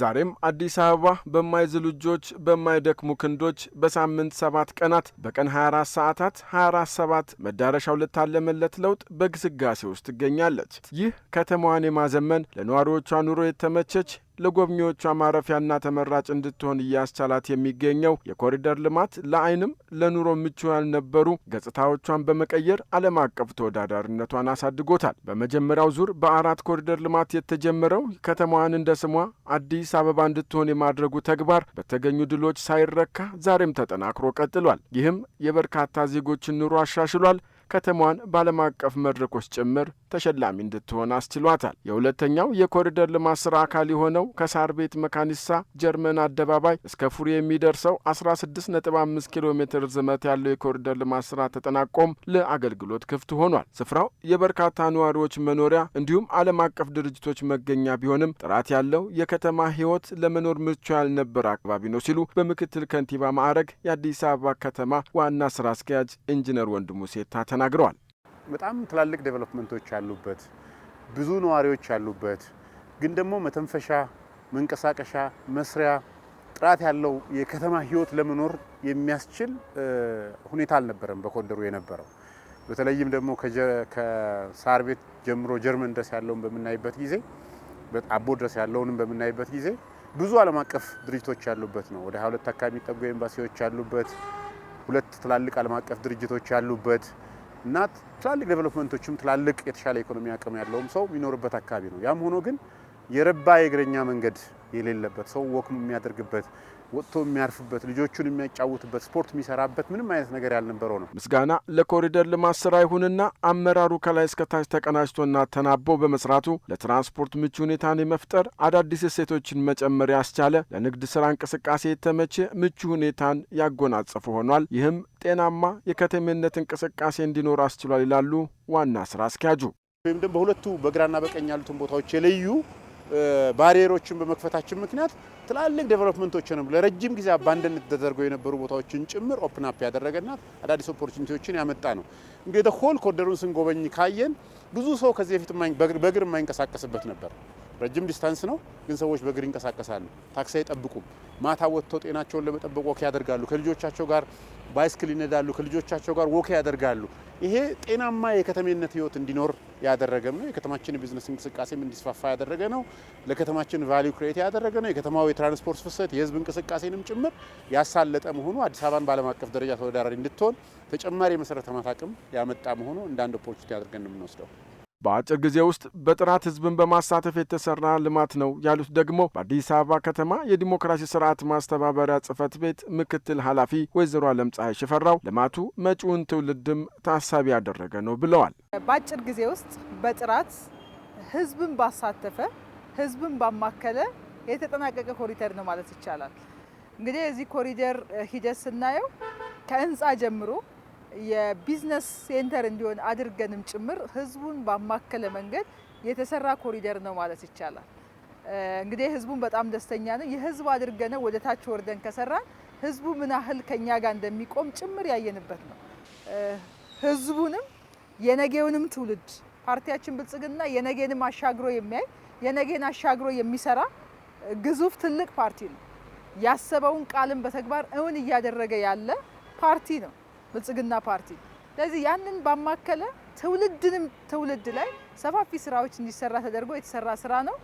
ዛሬም አዲስ አበባ በማይዝሉ እጆች በማይደክሙ ክንዶች በሳምንት ሰባት ቀናት በቀን 24 ሰዓታት 247 መዳረሻው ለታለመለት ለውጥ በግስጋሴ ውስጥ ትገኛለች። ይህ ከተማዋን የማዘመን ለነዋሪዎቿ ኑሮ የተመቸች ለጎብኚዎቿ ማረፊያና ተመራጭ እንድትሆን እያስቻላት የሚገኘው የኮሪደር ልማት ለአይንም ለኑሮ ምቹ ያልነበሩ ገጽታዎቿን በመቀየር ዓለም አቀፍ ተወዳዳሪነቷን አሳድጎታል። በመጀመሪያው ዙር በአራት ኮሪደር ልማት የተጀመረው ከተማዋን እንደ ስሟ አዲስ አበባ እንድትሆን የማድረጉ ተግባር በተገኙ ድሎች ሳይረካ ዛሬም ተጠናክሮ ቀጥሏል። ይህም የበርካታ ዜጎችን ኑሮ አሻሽሏል። ከተማዋን ባለም አቀፍ መድረኮች ጭምር ተሸላሚ እንድትሆን አስችሏታል። የሁለተኛው የኮሪደር ልማት ስራ አካል የሆነው ከሳር ቤት መካኒሳ ጀርመን አደባባይ እስከ ፉሪ የሚደርሰው 165 ኪሎ ሜትር ዝመት ያለው የኮሪደር ልማት ስራ ተጠናቆም ለአገልግሎት ክፍት ሆኗል። ስፍራው የበርካታ ነዋሪዎች መኖሪያ እንዲሁም ዓለም አቀፍ ድርጅቶች መገኛ ቢሆንም ጥራት ያለው የከተማ ሕይወት ለመኖር ምቹ ያልነበረ አካባቢ ነው ሲሉ በምክትል ከንቲባ ማዕረግ የአዲስ አበባ ከተማ ዋና ስራ አስኪያጅ ኢንጂነር ወንድሙ ሴታ ተናግረዋል። በጣም ትላልቅ ዴቨሎፕመንቶች ያሉበት ብዙ ነዋሪዎች ያሉበት ግን ደግሞ መተንፈሻ፣ መንቀሳቀሻ፣ መስሪያ ጥራት ያለው የከተማ ህይወት ለመኖር የሚያስችል ሁኔታ አልነበረም በኮንደሩ የነበረው። በተለይም ደግሞ ከሳር ቤት ጀምሮ ጀርመን ድረስ ያለውን በምናይበት ጊዜ አቦ ድረስ ያለውንም በምናይበት ጊዜ ብዙ ዓለም አቀፍ ድርጅቶች ያሉበት ነው። ወደ 22 አካባቢ የሚጠጉ ኤምባሲዎች ያሉበት፣ ሁለት ትላልቅ ዓለም አቀፍ ድርጅቶች ያሉበት እና ትላልቅ ዴቨሎፕመንቶችም ትላልቅ የተሻለ ኢኮኖሚ አቅም ያለውም ሰው የሚኖርበት አካባቢ ነው። ያም ሆኖ ግን የረባ የእግረኛ መንገድ የሌለበት ሰው ወክም የሚያደርግበት ወጥቶ የሚያርፍበት ልጆቹን የሚያጫውትበት ስፖርት የሚሰራበት ምንም አይነት ነገር ያልነበረው ነው። ምስጋና ለኮሪደር ልማት ስራ ይሁንና አመራሩ ከላይ እስከታች ተቀናጅቶና ተናቦ በመስራቱ ለትራንስፖርት ምቹ ሁኔታን የመፍጠር አዳዲስ እሴቶችን መጨመር ያስቻለ ለንግድ ስራ እንቅስቃሴ የተመቸ ምቹ ሁኔታን ያጎናጸፉ ሆኗል። ይህም ጤናማ የከተሜነት እንቅስቃሴ እንዲኖር አስችሏል ይላሉ ዋና ስራ አስኪያጁ። ወይም ደግሞ በሁለቱ በግራና በቀኝ ያሉትን ቦታዎች የለዩ ባሪየሮችን በመክፈታችን ምክንያት ትላልቅ ዴቨሎፕመንቶችንም ለረጅም ጊዜ አባንደን ተደርገው የነበሩ ቦታዎችን ጭምር ኦፕን አፕ ያደረገና አዳዲስ ኦፖርቹኒቲዎችን ያመጣ ነው። እንግዲህ ሆል ኮደሩን ስንጎበኝ ካየን ብዙ ሰው ከዚህ በፊት በእግር የማይንቀሳቀስበት ነበር። ረጅም ዲስታንስ ነው፣ ግን ሰዎች በእግር ይንቀሳቀሳሉ። ታክሲ አይጠብቁም። ማታ ወጥተው ጤናቸውን ለመጠበቅ ወክ ያደርጋሉ። ከልጆቻቸው ጋር ባይስክል ይነዳሉ። ከልጆቻቸው ጋር ወክ ያደርጋሉ። ይሄ ጤናማ የከተሜነት ህይወት እንዲኖር ያደረገም ነው። የከተማችን ቢዝነስ እንቅስቃሴም እንዲስፋፋ ያደረገ ነው። ለከተማችን ቫሊዩ ክሬት ያደረገ ነው። የከተማው የትራንስፖርት ፍሰት የህዝብ እንቅስቃሴንም ጭምር ያሳለጠ መሆኑ አዲስ አበባን በዓለም አቀፍ ደረጃ ተወዳዳሪ እንድትሆን ተጨማሪ የመሰረተ ልማት አቅም ያመጣ መሆኑ እንደ አንድ ኦፖርቹኒቲ አድርገን ነው የምንወስደው። በአጭር ጊዜ ውስጥ በጥራት ህዝብን በማሳተፍ የተሰራ ልማት ነው ያሉት ደግሞ በአዲስ አበባ ከተማ የዲሞክራሲ ስርዓት ማስተባበሪያ ጽህፈት ቤት ምክትል ኃላፊ ወይዘሮ አለም ፀሐይ ሽፈራው ልማቱ መጪውን ትውልድም ታሳቢ ያደረገ ነው ብለዋል። በአጭር ጊዜ ውስጥ በጥራት ህዝብን ባሳተፈ ህዝብን ባማከለ የተጠናቀቀ ኮሪደር ነው ማለት ይቻላል። እንግዲህ የዚህ ኮሪደር ሂደት ስናየው ከህንፃ ጀምሮ የቢዝነስ ሴንተር እንዲሆን አድርገንም ጭምር ህዝቡን ባማከለ መንገድ የተሰራ ኮሪደር ነው ማለት ይቻላል። እንግዲህ ህዝቡን በጣም ደስተኛ ነው። የህዝብ አድርገነው ወደ ታች ወርደን ከሰራን ህዝቡ ምን ያህል ከኛ ጋር እንደሚቆም ጭምር ያየንበት ነው። ህዝቡንም የነገውንም ትውልድ ፓርቲያችን ብልጽግና የነገንም አሻግሮ የሚያይ የነገን አሻግሮ የሚሰራ ግዙፍ ትልቅ ፓርቲ ነው። ያሰበውን ቃልን በተግባር እውን እያደረገ ያለ ፓርቲ ነው። ብልጽግና ፓርቲ። ስለዚህ ያንን ባማከለ ትውልድንም ትውልድ ላይ ሰፋፊ ስራዎች እንዲሰራ ተደርጎ የተሰራ ስራ ነው።